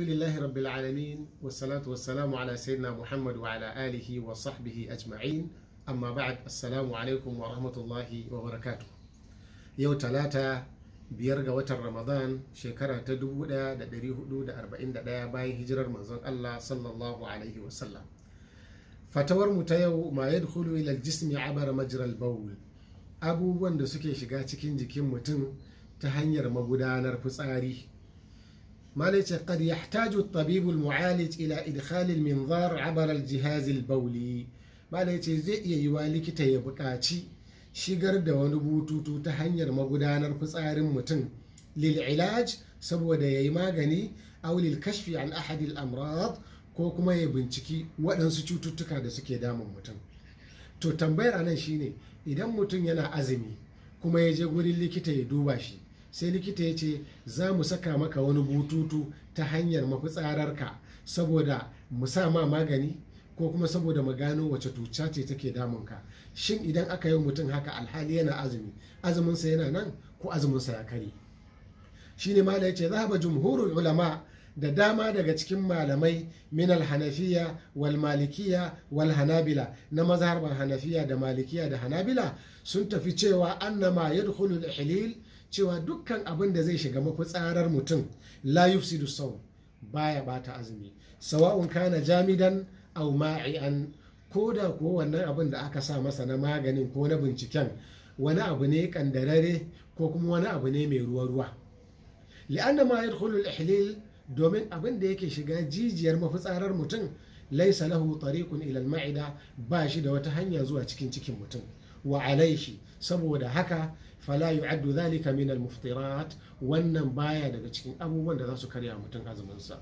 alhamdulillahi rabbil alamin wassalatu wassalamu ala sayyidina muhammad wa ala alihi wa sahbihi ajma'in amma ba'ad assalamu alaikum wa rahmatullahi wa barakatu yau talata biyar ga watan ramadan shekara ta da da 1441 bayan hijirar manzon allah sallallahu alaihi wasallam fatawar mu ta yau ma ilal jismi aljismi abara majral bawl abubuwan da suke shiga cikin jikin mutum ta hanyar magudanar fitsari مالك قد يحتاج الطبيب المعالج إلى إدخال المنظار عبر الجهاز البولي مالك زي يوالك تيبقاتي shigar da wani bututu ta hanyar magudanar fitsarin mutum lil ilaj saboda ya yi magani aulil kashfi an ahadil amrad ko kuma ya binciki waɗansu cututtuka da suke damun mutum to tambayar anan shine idan mutum yana azumi kuma ya je gurin likita ya duba shi sai likita ya ce za mu saka maka wani bututu ta hanyar mafitsararka saboda mu sa ma magani ko kuma saboda mu gano wace tuca ce take damunka shin idan aka yi mutum haka alhali yana azumi azuminsa yana nan ko azuminsa ya kare shine mala ya ce zahaba jumhurul ulama da dama daga cikin malamai min alhanafiya wal malikiya wal hanabila na mazhar hanafiya da malikiya da hanabila sun tafi cewa annama yadkhulu al-ihlil cewa dukkan abin da zai shiga mafitsarar mutum la yufsidu sau baya bata azumi sawa'un kana jamidan aw ma'ian ko da ko wannan abin da aka sa masa na maganin ko na binciken wani abu ne kandarare ko kuma wani abu ne mai ruwa-ruwa li'anna ma yadkhulu al-ihlil domin abin da yake shiga jijiyar mafitsarar mutum Lai lahu tariqun ila al-ma'ida ba shi da wata hanya zuwa cikin cikin mutum saboda haka fala yu'addu dhalika min al-muftirat wannan baya daga cikin abubuwan da za su karya mutum azuminsa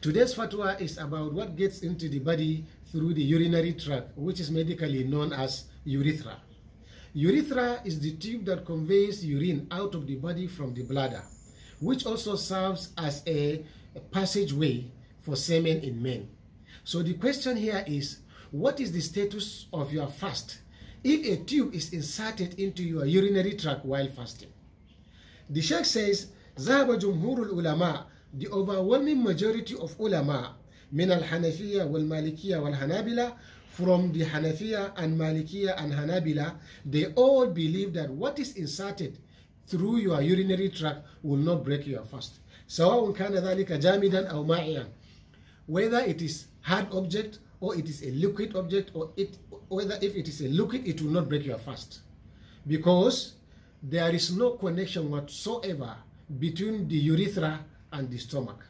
Today's fatwa is about what gets into the body through the urinary tract, which is medically known as urethra. Urethra is the tube that conveys urine out of the body from the bladder, which also serves as a passageway for semen in men. So the question here is, what is the status of your fast if a tube is inserted into your urinary tract while fasting? The Sheikh says, ذهب جمهور العلماء the overwhelming majority of ulama wal الحنفية wal-hanabila, from the Hanafiya and Malikiya and Hanabila, they all believe that what is inserted through your urinary tract will not break your fast. سواء kana ذلك jamidan aw مائعا whether it is hard object or it is a liquid object or it whether if it is a liquid it will not break your fast because there is no connection whatsoever between the urethra and the stomach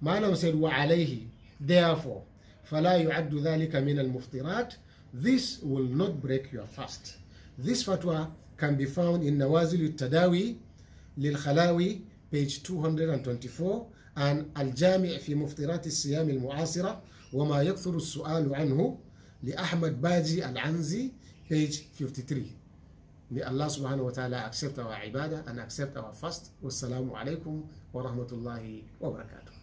Malam said wa alayhi therefore فلا dali kamin al muftirat. this will not break your fast this fatwa can be found in Nawazil Tadawi Lil Khalawi page 224 and Al-Jami' fi Muftirat al-Siyam al mu'asirah وما يكثر السؤال عنه لأحمد باجي العنزي page 53 May Allah subhanahu wa ta'ala accept our ibadah and accept our fast. Wassalamu alaikum wa rahmatullahi wa barakatuh.